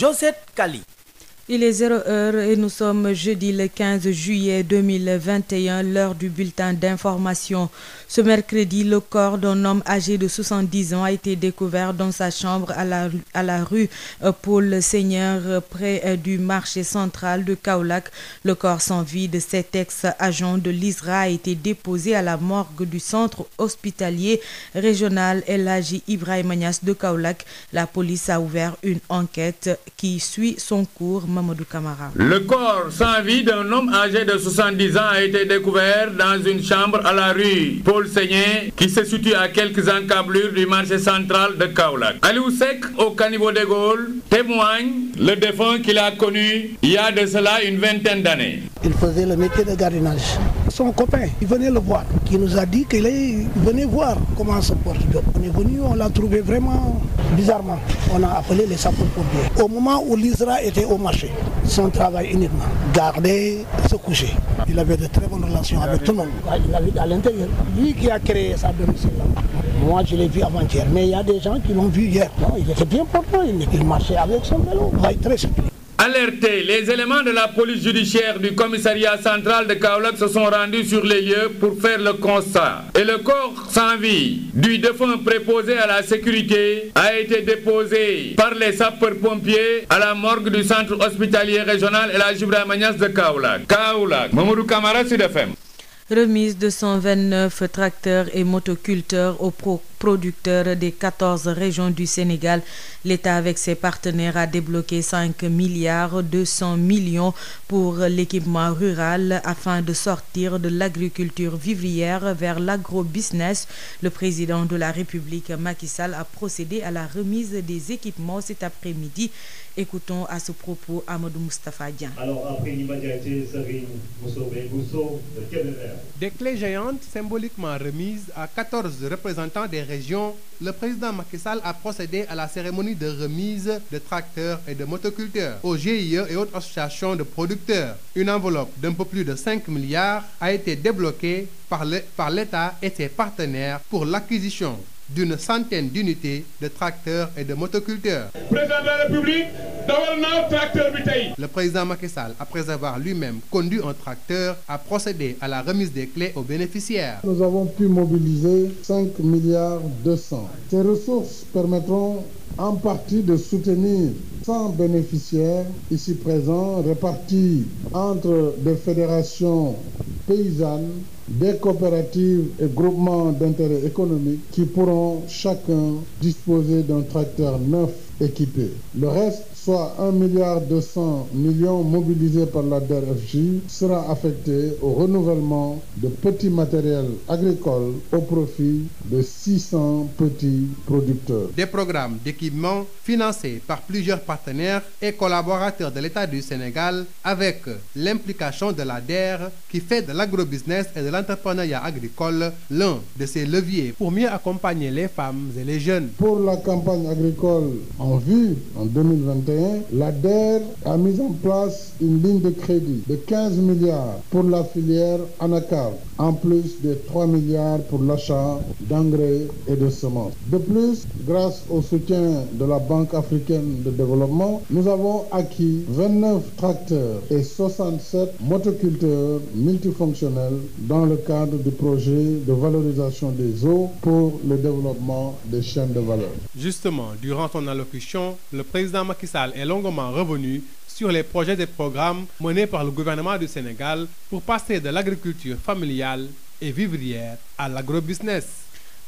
Josette Kali. Il est 0 heure et nous sommes jeudi le 15 juillet 2021, l'heure du bulletin d'information. Ce le corps d'un homme âgé de 70 ans a été découvert dans sa chambre à la, à la le euh, Paul Seigneur euh, près euh, du marché central de Kaolack. Le corps sans vie de cet ex-agent de l'ISRA a été déposé à la morgue du centre hospitalier régional El Hadji de Kaolack. La police a ouvert une enquête qui suit son cours. Mamadou Camara. Le corps sans vie d'un homme âgé de ans a été découvert dans une chambre à la rue Paul Seigné qui se situe à quelques encablures du marché central de Kaolack. Aliou Seck au caniveau de Gaulle témoigne le défunt qu'il a connu il y a de cela une vingtaine d'années. Il faisait le métier de gardiennage. son copain. Il venait le voir, qui nous a dit qu'il est venez voir comment porte Diop. On est venu, on l'a trouvé vraiment bizarrement. On a appelé les sapeurs-pompiers. Au moment où l'ISRA était au marché, son travail uniquement, garder, se coucher. Il avait de très bonnes relations avec tout le monde. Il avait à l'intérieur. Lui qui a créé sa domicile là. Moi, je l'ai vu avant-hier, mais il y a des gens qui l'ont vu hier. il était bien portant, il, marchait avec alertés, les éléments de la police judiciaire du commissariat central de Kaolack se sont rendus sur les lieux pour faire le constat. Et le corps sans vie du défunt préposé à la sécurité a été déposé par les sapeurs-pompiers à la morgue du centre hospitalier régional et la Ibrahima Niass de Kaolack. Kaolack, Mamadou Camara, Sud FM. Remise de 129 tracteurs et motoculteurs au producteurs des 14 régions du Sénégal. L'État avec ses partenaires a débloqué 5 milliards 200 millions pour l'équipement rural afin de sortir de l'agriculture vivrière vers l'agrobusiness. Le président de la République, Macky Sall, a procédé à la remise des équipements cet après-midi. Écoutons à ce propos Amadou Moustapha Dian. région, le président Macky Sall a procédé à la cérémonie de remise de tracteurs et de motoculteurs aux GIE et autres associations de producteurs. Une enveloppe d'un peu plus de 5 milliards a été débloquée par l'État par et ses partenaires pour l'acquisition d'une centaine d'unités de tracteurs et de motoculteurs. Président de la République, le président Macky Sall, après avoir lui-même conduit un tracteur, a procédé à la remise des clés aux bénéficiaires. Nous avons pu mobiliser 5 milliards 200. Ces ressources permettront en partie de soutenir 100 bénéficiaires ici présents répartis entre des fédérations paysannes des coopératives et groupements d'intérêt économique qui pourront chacun disposer d'un tracteur neuf équipé. Le reste soit 1 milliard 200 millions mobilisés par la DER/FJ sera affecté au renouvellement de petits matériels agricoles au profit de 600 petits producteurs. Des programmes d'équipement financés par plusieurs partenaires et collaborateurs de l'État du Sénégal avec l'implication de la dr qui fait de l'agrobusiness et de l'entrepreneuriat agricole l'un de ses leviers pour mieux accompagner les femmes et les jeunes. Pour la campagne agricole en vue en 2021, l'ADER a mis en place une de crédit de 15 milliards pour la filière anacarde, en plus de 3 milliards pour l'achat d'engrais et de semences. De plus, au soutien de la Banque africaine de développement, nous avons acquis 29 tracteurs et 67 motoculteurs multifonctionnels dans le cadre du projet de valorisation des eaux pour le développement des chaînes de valeur. Justement, Sall est longuement revenu sur les projets et programmes menés par le gouvernement du Sénégal pour passer de l'agriculture familiale et vivrière à l'agrobusiness.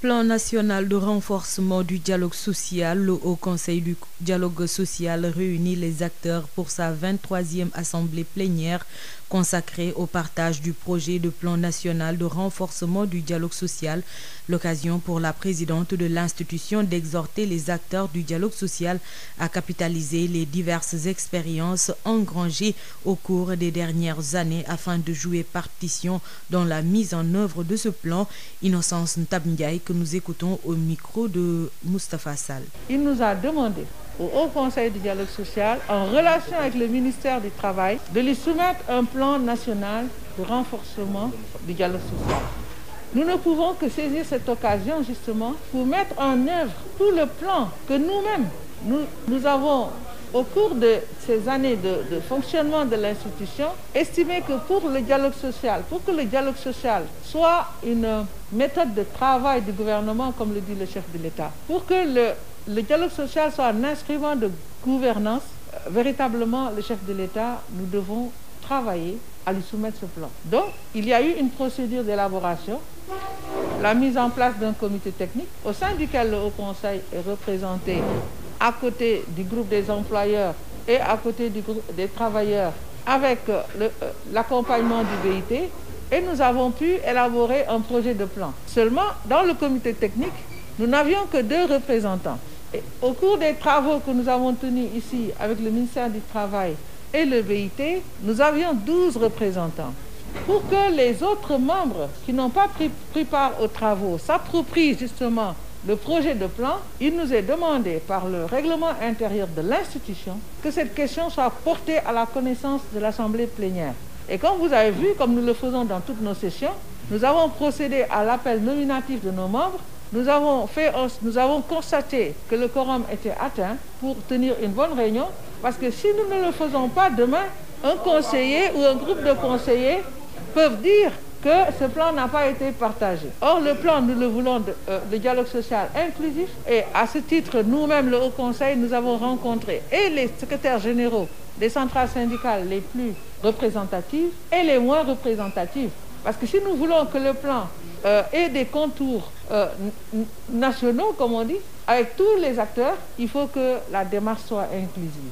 Plan national de renforcement du dialogue social, le Haut Conseil du dialogue social réunit les acteurs pour sa 23e assemblée plénière consacré au partage du projet de plan national de renforcement du dialogue social. L'occasion pour la présidente de l'institution d'exhorter les acteurs du dialogue social à capitaliser les diverses expériences engrangées au cours des dernières années afin de jouer partition dans la mise en œuvre de ce plan. Innocence Ntab Ndiaye que nous écoutons au micro de Moustapha Sall. Il nous a demandé au Haut Conseil du dialogue social, en relation avec le ministère du Travail, de lui soumettre un plan national de renforcement du dialogue social. Nous ne pouvons que saisir cette occasion pour mettre en œuvre tout le plan que nous-mêmes, nous, avons au cours de ces années de, de fonctionnement de l'institution, estimé que pour le dialogue social, pour le dialogue social soit une méthode de travail du gouvernement, comme le dit le chef de l'État, pour que le le dialogue social soit un instrument de gouvernance, euh, véritablement, le chef de l'État, nous devons travailler à lui soumettre ce plan. il y a eu une procédure d'élaboration, la mise en place d'un comité technique au sein duquel le Haut Conseil est représenté à côté du groupe des employeurs et à côté des travailleurs avec euh, euh, l'accompagnement du BIT et nous avons pu élaborer un projet de plan. Seulement, dans le comité technique, nous n'avions que deux représentants. Et au cours des travaux que nous avons tenus ici avec le ministère du Travail et le BIT, nous avions 12 représentants. Pour que les autres membres qui n'ont pas pris, pris part aux travaux s'approprient justement le projet de plan, il nous est demandé par le règlement intérieur de l'institution que cette question soit portée à la connaissance de l'Assemblée plénière. Et comme vous avez vu, comme nous le faisons dans toutes nos sessions, nous avons procédé à l'appel nominatif de nos membres nous avons, fait, nous constaté que le quorum était atteint pour tenir une bonne réunion, parce que si nous ne le faisons pas demain, un conseiller ou un groupe de conseillers peuvent dire que ce plan n'a pas été partagé. Or, le plan, nous le voulons, de, euh, dialogue social inclusif. Et à ce titre, nous-mêmes, le Haut Conseil, nous avons rencontré et les secrétaires généraux des centrales syndicales les plus représentatives et les moins représentatives. Parce que si nous euh, et des contours euh, nationaux, comme on dit, avec tous les acteurs, il faut que la démarche soit inclusive.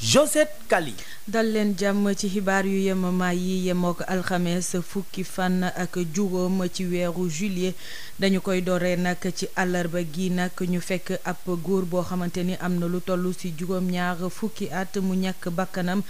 Josette Kali. dal leen jàmm ci xibaar yu yemamaay yi yemook alxames fukki fan ak juróom ci weeru juillet dañu koy dore nag ci àllarba gi nag ñu fekk ab góor boo xamante ni am na lu toll ci juróom-ñaar fukki at mu ñàkk bakkanam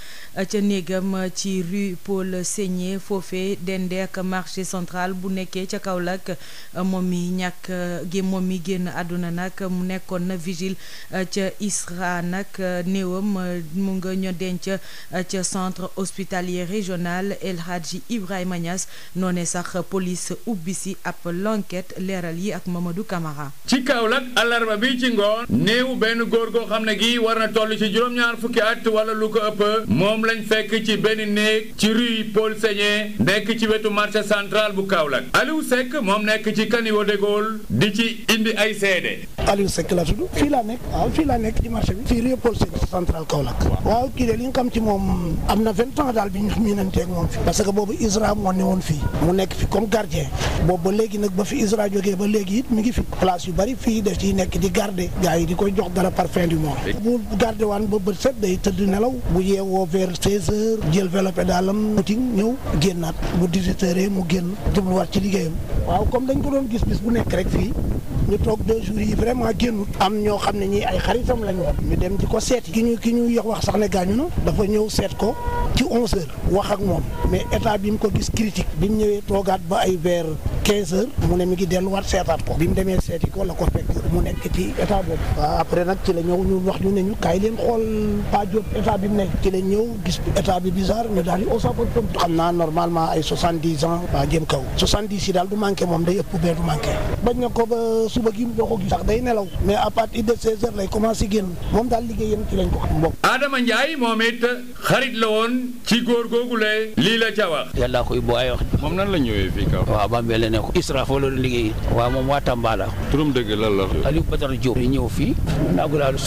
ca néegam ci rue Paul Ségné foofe dende ak marché central bu nekkee ca Kaolack moom mi ñàkk moom mi génn àdduna nag mu nekkoon na vigile ca ISRA nag néewam mu nga ño denc Euh, ca centre hospitalier régional El Hadji Ibrahima Niass noonee sax police ubbi si ab l'enquête leeral yi ak Mamadou Camara. ci Kaolack alarba bi ci ngoon néewu benn góor goo xam ne gi war na toll ci juróom-ñaar fukki at wala lu ko ëpp moom lañ fekk ci benn néeg ci rue Paul Sagné nekk ci wetu marché central bu Kaolack Aliou Seck moom nekk ci caniveau de Gaulle di ci indi ay seede. Aliou Seck la tudd fii laa nekk waaw fii laa nekk ci marché fii rue Paul Sagné central moom am na vingt ans daal bi ñu miinanteeg moom fii parce que boobu ISRA moo ne woon fii mu nekk fi comme gardien boobu ba léegi nag ba fi ISRA jógee ba léegi it mi ngi fi place yu bari fii daf ciy nekk di garder gars yi di koy jox dara par fin du mois bu garder waan ba bët set day tëdd nelaw bu yeewoo vers seize heures jël vélo pédalam outing ñëw génnaat bu dix-huit mu génn jubluwaat ci liggéeyam waaw comme dañ ko doon gis bis bu nekk rek fii ñu toog deux jours yi vraiment génnut am ñoo xam ne ñii ay xaritam lañ woon ñu dem di ko seeti ki ñu ki ñu yox wax sax ne gaañu dafa ñëw seet ko ci onze heures wax ak moom mais état bi mu ko gis critique bi mu ñëwee toogaat ba ay vers quinze heures mu ne mi ngi delluwaat seetaat ko bi mu demee seeti ko la ko fekk mu nekk ci état boobu waaw après nag ci la ñëw ñu wax ñu ne ñu kaay leen xool Pa Diop bi mu nekk ci la ñëw gis état bi bizarre ñu daal di au sapeurs-pompiers xam naa normalement ay soixante-dix ans waa jëm kaw soixante-dix yi daal du manqué moom day ëpp suba gi boo ko gis sax day nelaw mais à partir de 16 heures lay commencé génn moom daal liggéeyam ci lañ ko xam bokk. Adama Ndiaye moom it xarit la woon ci góor googu la lii la ca wax. yàllaa koy bu ay wax. moom nan la ñëwee fii kaw. waaw loolu liggéey. waaw moom waa Tamba la. turam dëgg lan la. Aliou Badara Diop. ñëw fii naagulaalu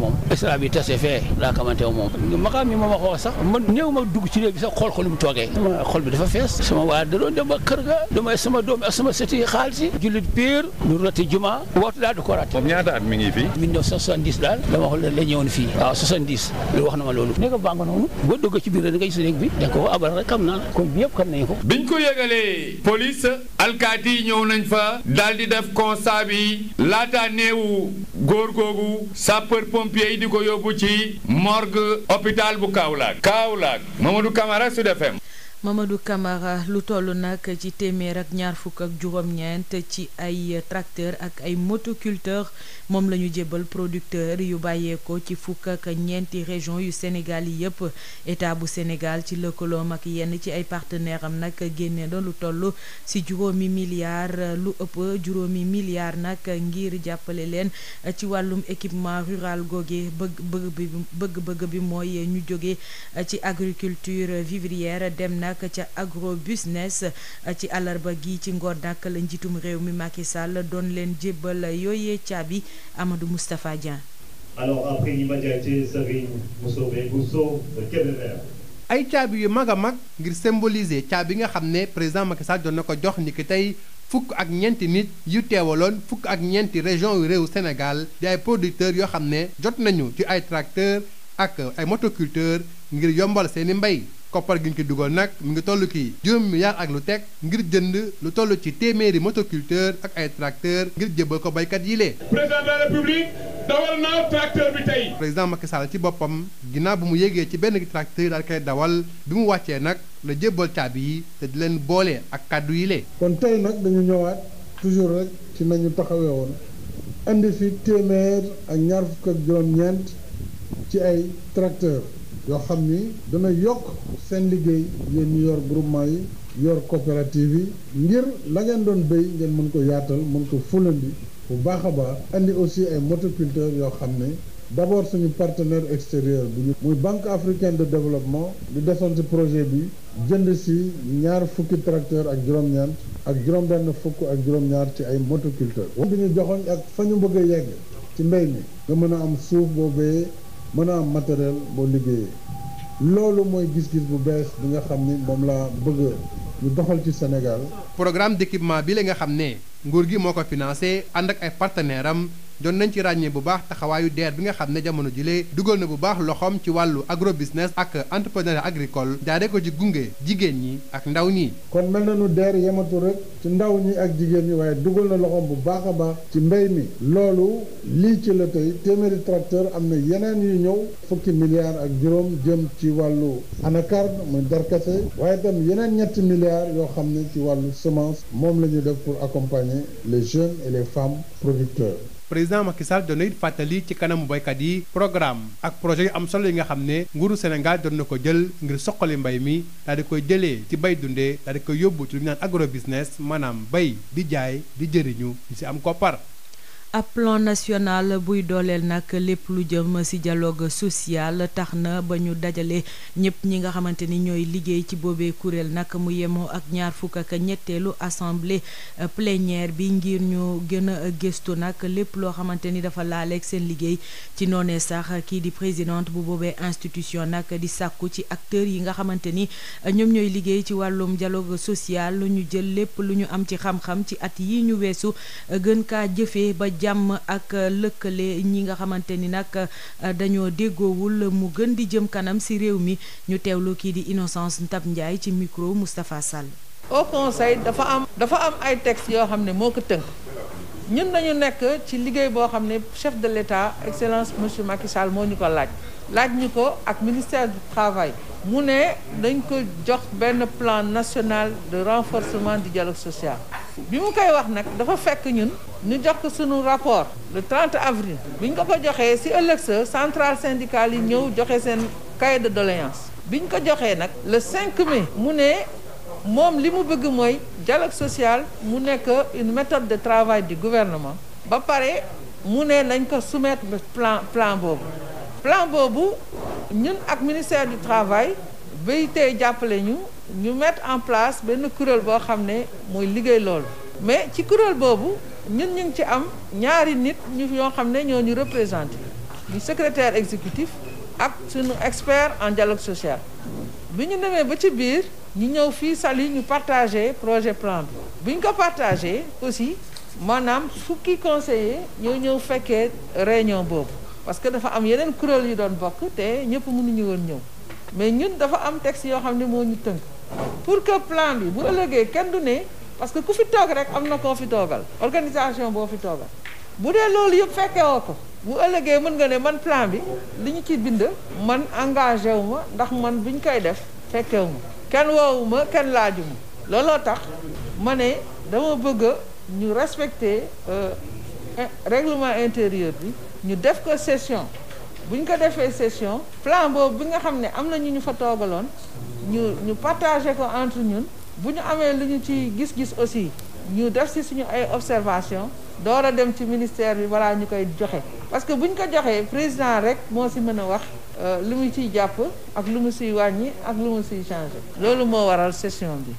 moom ISRA bi tase fee. laa xamante moom. makaam mi ma ma ko sax man néew ma dugg ci réew bi sax xool ko ni xol bi dafa fees. sama du rati juma waxtu daal du ko rati moom ñaata at mi ngi fii 1970 daal dama xool la ñëwoon fii waaw 70 loolu wax na ma loolu nekk baa nga noonu boo dugg ci biir da ngay gis néeg bi da ko abal rek xam naa kon bi yëpp xam nañu ko biñ ko yëgalee police alkaati ñëw nañ fa daal di def constat bi laataa néewu góor googu sapeur pompier yi di ko yóbbu ci morgue hôpital bu Kaolack Kaolack Mamadou Camara Sud FM Mamadou kamara lu toll nag ci téeméer ak ñaar fukk ak juróom-ñeent ci ay tracteur ak ay motoculteur moom la ñu jébbal producteur yu bàyyeekoo ci fukk ak ñeenti région yu Sénégal yi yëpp état bu Sénégal ci lëkkaloom ak yenn ci ay partenaire am nag génne na lu toll si juróomi milliard lu ëpp juróomi milliard nag ngir jàppale leen ci wàllum équipement rural googee bëgg bi bëgg bi mooy ñu jóge ci agriculture vivrière dem nag nag ca agro business eh, ci àllarba gi ci ngoon nag la réew mi Macky Sall doon leen jébbal yooyee caabi Amadou Moustapha Dieng. alors ay caabi yu mag a mag ngir symboliser caabi nga xam ne président Macky Sall doon na ko jox ni ki tey. fukk ak ñeenti nit yu teewaloon fukk ak ñeenti région yu réew Sénégal di ay producteurs yoo xam ne jot nañu ci ay tracteurs ak ay motoculteur ngir yombal seeni mbay koppar gi ñu ci dugal nag mu ngi toll kii juróom milliard ak lu teg ngir jënd lu toll ci téeméeri motoculteur ak ay tracteur ngir jëbal ko baykat yi lee président de la dawal naa tracteur bi tey président Macky ci boppam ginnaaw bi mu yégee ci benn tracteur daal dawal bi mu wàccee nag la jébbal caabi yi te di leen boole ak kàddu yi lee kon tey nag dañu ñëwaat toujours rek ci nañu taxawee woon indi fi téeméer ak ñaar fukk ak ñeent ci ay tracteur yoo xam ni dana yokk seen liggéey yéen ñu yor groupement yi yor coopérative yi ngir la ngeen doon béy ngeen mën ko yaatal mën ko fulandi bu baax a baax andi aussi ay motoculteurs yoo xam ne d'abord suñu partenaire extérieur bu ñu muy banque africaine de développement di desoon ci projet bi jënd si ñaar fukki tracteur ak juróom-ñaar ak juróom-benn fukk ak juróom-ñaar ci ay motoculteurs. wala bi ñu joxoon ak fa ñu bëgg a yegg ci mbéy mi nga mën a am suuf boo béyee. mën a matériel boo liggéeyee loolu mooy gis-gis bu bees bi nga xam ni moom laa bëgg ñu doxal ci Sénégal programme d'équipement bi la nga xam ne nguur gi moo ko financé ànd ak ay partenaire am doon nañ ci ràññee bu baax taxawaayu deer bi nga xam ne jamono jilee dugal na bu baax loxoom ci wàllu agro business ak entrepreneuriat agricole daare ko ci gunge jigéen ñi ak ndaw ñi. kon mel na nu DER yematu rek ci ndaw ñi ak jigéen ñi waaye dugal na loxoom bu baax a baax ci mbéy mi loolu lii ci la tey téeméeri tracteur am na yeneen yu ñëw fukki milliards ak juróom jëm ci wàllu anacarde muy darkase waaye itam yeneen ñetti milliards yoo xam ne ci wàllu semence moom la ñu def pour accompagner les jeunes et les femmes producteurs président Macky Sall doon fàttali ci kanamu baykat yi programme ak projet yu am solo yi nga xam ne nguuru Sénégal doon na ko jël ngir soqali mbay mi daal koy jëlee ci bay dundee daal di koy yóbbu ci lu ñu agro business maanaam bay di jaay di jëriñu di si am koppar. ab plan national buy dooleel nag lépp lu jëm ci dialogue social tax na ba ñu dajalee ñëpp ñi nga xamante ni ñooy liggéey ci boobe kuréel nag mu yemoo ak ñaar fukk ak ñetteelu assamble plénière bi ngir ñu gën a gëstu nag lépp loo xamante ni dafa laaleeg seen liggéey ci noonee sax kii di présidente bu boobee institution nag di sàkku ci acteurs yi nga xamante ni ñoom ñooy liggéey ci wàllum dialogue social lu ñu jël lépp lu ñu am ci xam-xam ci at yi ñu weesu gën kaa ba jàmm ak lëkkale ñi nga xamante ni nag euh, dañoo déggoowul mu gën di jëm kanam ci réew mi ñu teewlu kii di Innocence Ntab Ndiaye ci micro Moustapha Sall. au conseil dafa am dafa am ay textes yoo xam ne moo ko tënk ñun dañu nekk ci liggéey boo xam ne chef de l'État excellence monsieur Macky moo ñu ko laaj laaj ñu ko ak ministère du travail mu ne dañ ko jox benn plan national de renforcement di dialogue social bi mu koy wax nag dafa fekk ñun ñu jox ko sunu rapport le 30 avril bi ñu ko ko joxee si ëllëg sa centrale syndicale yi ñëw joxe seen cahier de doléance bi ñu ko joxee nag le 5 mai mu ne moom li mu bëgg mooy dialogue sociale mu nekk une méthode de travail di gouvernement ba pare mu ne nañ ko soumettre plan plan boobu plan boobu ñun ak ministère du travail bay tey jàppale ñu ñu mettre en place benn kuréel boo xam ne mooy liggéey loolu mais ci kuréel boobu ñun ñu ngi ci am ñaari nit ñu yoo xam ne ñoo ni représenté di secrétaire exécutif ak suñu expert en dialogue social bi ñu demee ba ci biir ñu ñëw fii Saly ñu partagé projet plan bi ñu ko partagé aussi maanaam fukki conseiller ñoo ñëw fekkee réunion boobu parce que dafa am yeneen kuréel yu doon bokk te ñëpp munuñu woon ñëw mais ñun dafa am texte yoo xam ne moo ñu tënk pour que plan bi bu ëllëgee kenn du ne parce que ku fi toog rek am na koo fi toogal organisation boo fi toogal bu dee loolu yëpp fekkee woo ko bu ëllëgee mën nga ne man plan bi li ñu ci bind man engagé wu ndax man bu ñu koy def fekkee wu ma kenn woowu ma kenn laaju looloo tax ma ne dama bëgg ñu respecter euh, réglement intérieur bi ñu def ko session bu ñu ko defee session plan boobu bi nga xam ne am na ñu ñu fa toogaloon ñu ñu partagé ko entre ñun bu ñu amee lu ñu ciy gis-gis aussi ñu def si suñu ay observation door a dem ci ministère bi walaa ñu koy joxe parce que bu ñu ko joxee président rek moo si mën a wax euh, lu mu ciy jàpp ak lu mu siy wàññi ak lu mu siy changé loolu moo waral session bi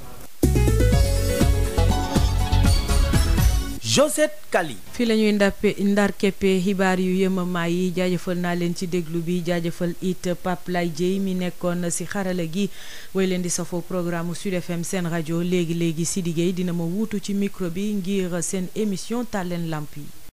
Josette Kali fii la ñuy ndappe ndar keppe xibaar yu yëmamaay yi jaajëfal naa leen ci déglu bi jaajëfal it Pape Lay Dieye mi nekkoon na si xarala gi way leen di safoo programme Sud FM seen rajo léegi-léegi Sidi Gueye dina ma wuutu ci micro bi ngir seen émission tàlleen lamp yi